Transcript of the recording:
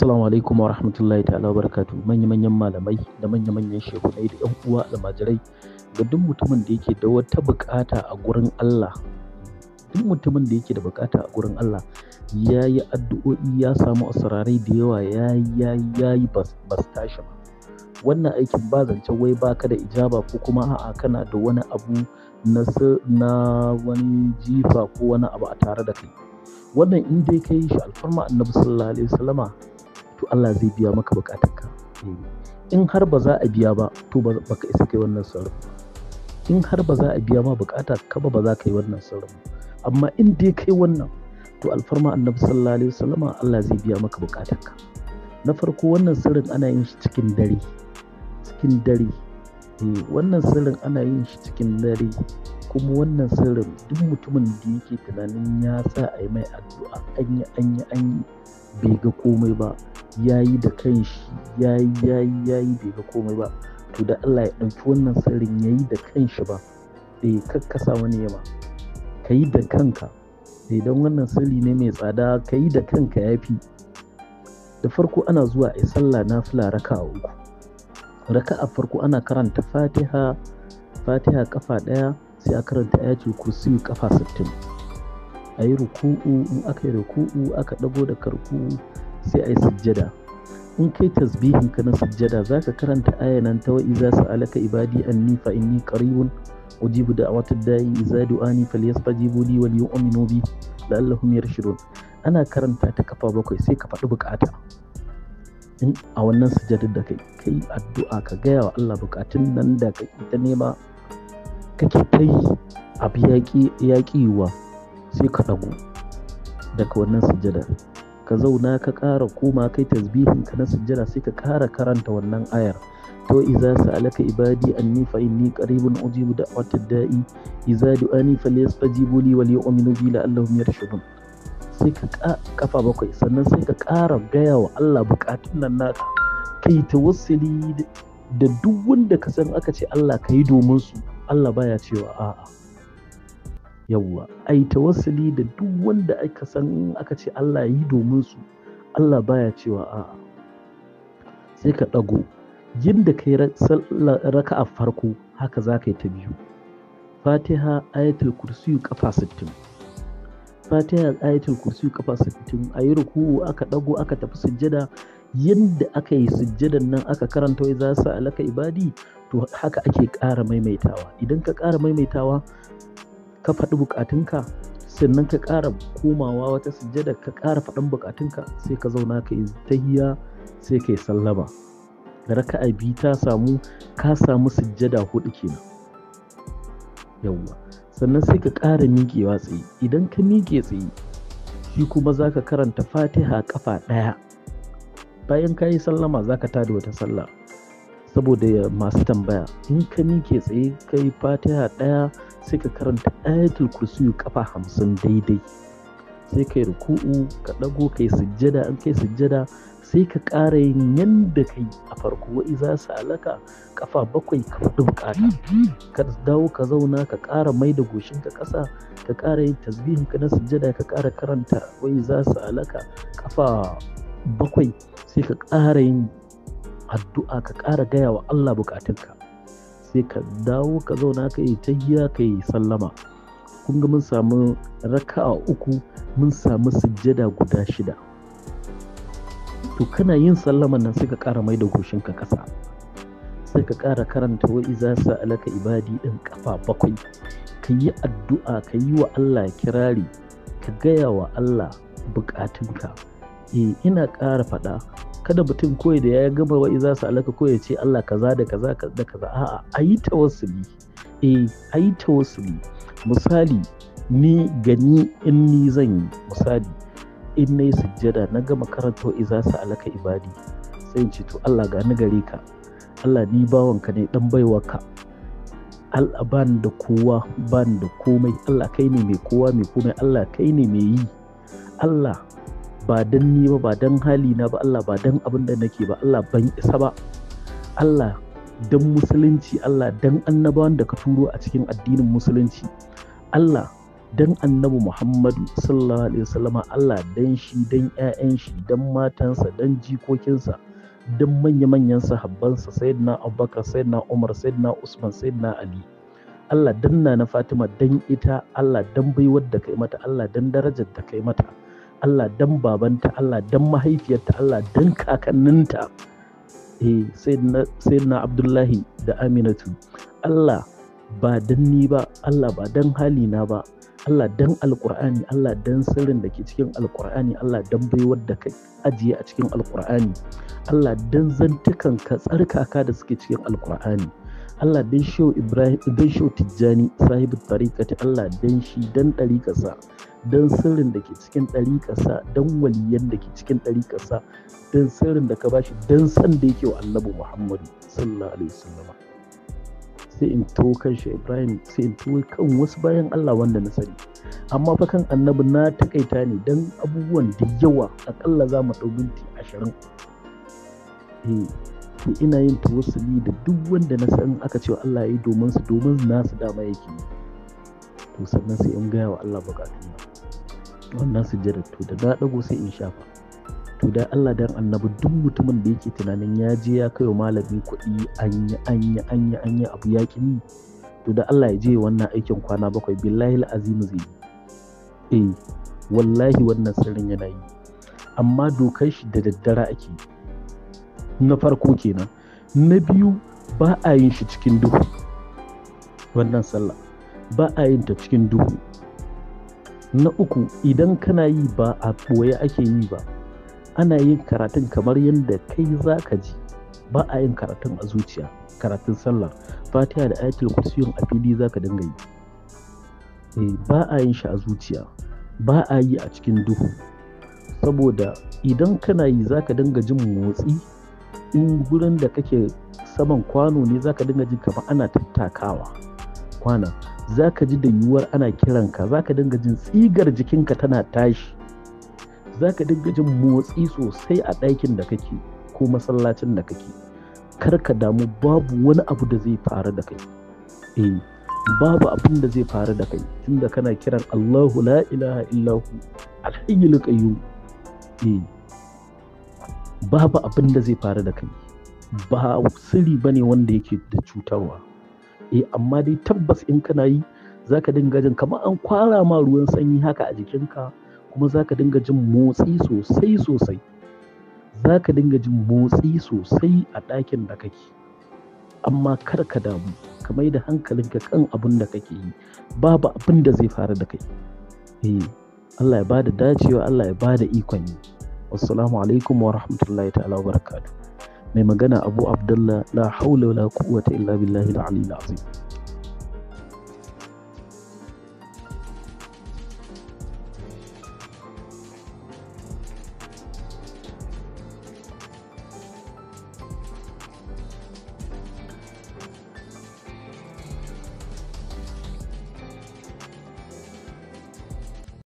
Assalamu alaikum wa rahmatullahi ta'ala wa barakatu manya-manyan malamai da manya-manyan shekunai da ‘yan uwa almajirai ga duk mutumin da yake da wata bukata a gurin Allah duk mutumin da yake da bukata a gurin Allah ya yi addu'o'i ya samu asrarai da yawa ya yi ya yi bas tashi ba wannan aikin ba zance wai baka da ijaba ko kuma a'a kana da wani abu na wani jifa ko wani abu a tare da kai wannan in dai ka shi alfarma annabi sallallahu alaihi wasallama to Allah zai biya maka ka. in har ba za a biya ba to ba ka isa kai wannan sauran in har ba za a biya ma bukata ka ba ba za ka yi wannan sauran amma in dai kai wannan to alfarma annabi sallallahu alaihi wasallama Allah zai biya maka ka. na farko wannan sirrin ana yin shi cikin dare cikin dare eh, wannan sirrin ana yin shi cikin dare kuma wannan sirrin duk mutumin da yake tunanin ya sa a yi mai addu'a an yi an yi an yi bai ga komai ba ya yi da kanshi ya yi ya ya yi bai ga komai ba to da Allah ya ɗauki wannan sirrin ya yi da kanshi ba bai kakkasa wani yaba ka yi da kanka idan eh, wannan sirri ne mai tsada ka yi da kanka ya fi da farko ana zuwa a sallah na fila raka a uku raka a farko ana karanta fatiha fatiha kafa ɗaya sai a karanta ayatul kursiyu kafa sittin a yi ruku'u in aka yi ruku'u aka ɗago da karku. sai ai sujjada in kai tasbihin ka na sujjada ka karanta ayanan ta wa iza alaka ibadi anni fa inni qaribun ujibu da'watad da'i iza du'ani falyastajibu li wal yu'minu bi la'allahum yarshudun ana karanta ta kafa bakwai sai ka faɗi bukata in a wannan sujjadar da kai kai addu'a ka gaya wa Allah bukatun nan da kake ta nema kake ta yi abu yaƙi sai ka ɗagu daga wannan sujjadar ka zauna ka ƙara koma kai tasbihin ka na sujjada sai ka ƙara karanta wannan ayar to iza sa'alaka ibadi anni fa inni qaribun ujibu da'wat da'i iza du'ani falyastajibu li wa liyu'minu bi la'allahum yarshudun sai ka kafa bakwai sannan sai ka ƙara gaya wa Allah bukatun nan naka kai tawassuli da duk wanda ka san aka ce Allah ka yi domin su Allah baya cewa a'a yawwa ai tawassuli da duk wanda aka san aka ce Allah yi domin su Allah baya cewa a'a sai ka ɗago yadda ka yi raka'a farko haka za ka yi ta biyu fatiha ayatul kursiyu kafa 60 fatiha ayatul kursiyu kafa 60 a yi ruku'u aka ɗago aka tafi sujjada yadda aka yi sujjadan nan aka karanta wai za su alaka ibadi to haka ake ƙara maimaitawa idan ka ƙara maimaitawa ka faɗi bukatunka sannan ka ƙara komawa wata sujjada ka ƙara faɗin bukatunka sai ka zauna ka yi tahiya sai ka yi sallama a biyu ta samu ka samu sujjada hudu kenan yawwa sannan sai ka ƙara miƙewa tsaye idan ka miƙe tsaye shi kuma za ka karanta fatiha ƙafa ɗaya bayan ka yi sallama za ka tada wata sallah saboda masu tambaya in ka ke tsaye ka yi fatiha ɗaya sai ka karanta ayatul kursiyu kafa hamsin daidai sai ka yi ruku'u ka ɗago ka yi sujjada an kai sujjada sai ka ƙara yin yadda ka yi a farko wa'i za su alaka kafa bakwai ka fi bukata ka dawo ka zauna ka ƙara mai da goshin ka ƙasa ka ƙara yin tasbihin ka na sujjada ka ƙara karanta wa'i za su alaka kafa bakwai sai ka ƙara yin addu'a ka ƙara gaya wa Allah bukatunka sai ka dawo ka zauna ka yi ta ka yi sallama kun ga mun samu raka'a uku mun samu sujjada guda shida to kana yin sallaman nan sai ka ƙara mai da ka ƙasa sai ka ƙara karanta su alaka ibadi ɗin ƙafa bakwai ka yi addu'a ka yi wa Allah kirari ka gaya wa Allah bukatunka eh ina ƙara faɗa kada mutum koyi da ya gama wa iza su alaka ya ce Allah kaza da kaza da kaza a'a ayi tawassuli eh ayi tawassuli misali ni gani in ni zan yi misali in nayi sujjada na gama karanto iza su alaka ibadi sai in ce to Allah ga ni gare ka Allah ni bawanka ne dan baiwaka Allah ban da kowa ban da komai Allah kai ne mai kowa mai komai Allah kai ne mai yi Allah ba don ni ba ba don hali na ba Allah ba don abin da nake ba Allah ban isa ba Allah don musulunci Allah dan annabawan da ka turo a cikin addinin musulunci Allah don annabi Muhammadu sallallahu alaihi wasallama Allah don shi don 'ya'yan shi don matansa don jikokinsa don manya-manyan sahabbansa sayyidina Abubakar sayyidina Umar sayyidina Usman sayyidina Ali Allah danna na Fatima don ita Allah don baiwar da kai mata Allah don darajar da kai mata Allah dan babanta Allah dan mahaifiyarta Allah dan kakanninta eh sai na Abdullahi da Aminatu Allah ba dan ni ba Allah ba dan halina ba Allah dan alkur'ani Allah dan sirrin da ke cikin alkur'ani Allah dan baiwar da kai ajiye a cikin alkur'ani Allah dan zantukan ka tsarkaka da suke cikin alkur'ani Allah dan shi Ibrahim dan shi Tijjani sahibi tariqati Allah dan shi dan ɗariƙasa don sirrin da ke cikin ƙasa, don waliyan da ke cikin ƙasa, don sirrin da ka bashi don san da yake wa annabi muhammadu sallallahu alaihi wasallam sai in to kan shi ibrahim sai in to kan wasu bayan allah wanda na sani amma fa kan annabi na takaita ne don abubuwan da yawa akalla za mu ɗau minti ashirin eh, to ina yin tawassuli da duk wanda na san aka cewa allah ya yi domin su domin nasu dama yake yi to sannan sai in gaya wa allah bukatu wannan sujjadar to da na dago sai in shafa to da Allah dan annabi duk mutumin da yake tunanin ya je ya kai wa malami kuɗi anya anya anya anya abu ya ni? to da Allah ya je wannan aikin kwana bakwai billahi azimu zai yi eh wallahi wannan sirrin yana yi amma dokar shi da daddara ake na farko kenan na biyu ba a yin shi cikin duhu wannan sallah ba a yin ta cikin duhu na uku idan kana yi ba a ɓoye ake yi ba ana yin karatun kamar yadda kai za ka ji ba a yin karatun a zuciya karatun sallah fatiha da ayatul kursiyun a fili za ka dinga yi eh, ba a yin shi a zuciya ba a yi a cikin duhu saboda idan kana yi za ka dinga jin motsi in gurin da kake saman kwano ne za ka dinga jin kamar ana tattakawa kwana za ka ji da yiwuwar ana kiranka za ka dinga jin tsigar jikinka tana tashi za ka dinga jin motsi sosai a ɗakin da kake ko masallacin da kake kar ka damu babu wani abu da zai faru da kai eh babu abin da zai faru da kai tunda kana kiran Allahu la ilaha illahu alhayyul qayyum eh babu abin da zai faru da kai ba sirri bane wanda yake da cutarwa eh amma dai tabbas in kana yi za ka dinga jin kamar an kwara ma ruwan sanyi haka a jikinka kuma za ka dinga jin motsi sosai sosai za ka dinga jin motsi sosai a ɗakin da kake amma kar ka damu ka mai da hankalinka kan abin da kake yi babu abin da zai fara da kai eh Allah ya bada dacewa Allah ya bada ikon yi wassalamu alaikum wa rahmatullahi ta'ala wa barakatuh mai magana abu abdullah la haula wala quwwata illa billahi da aliyyil azim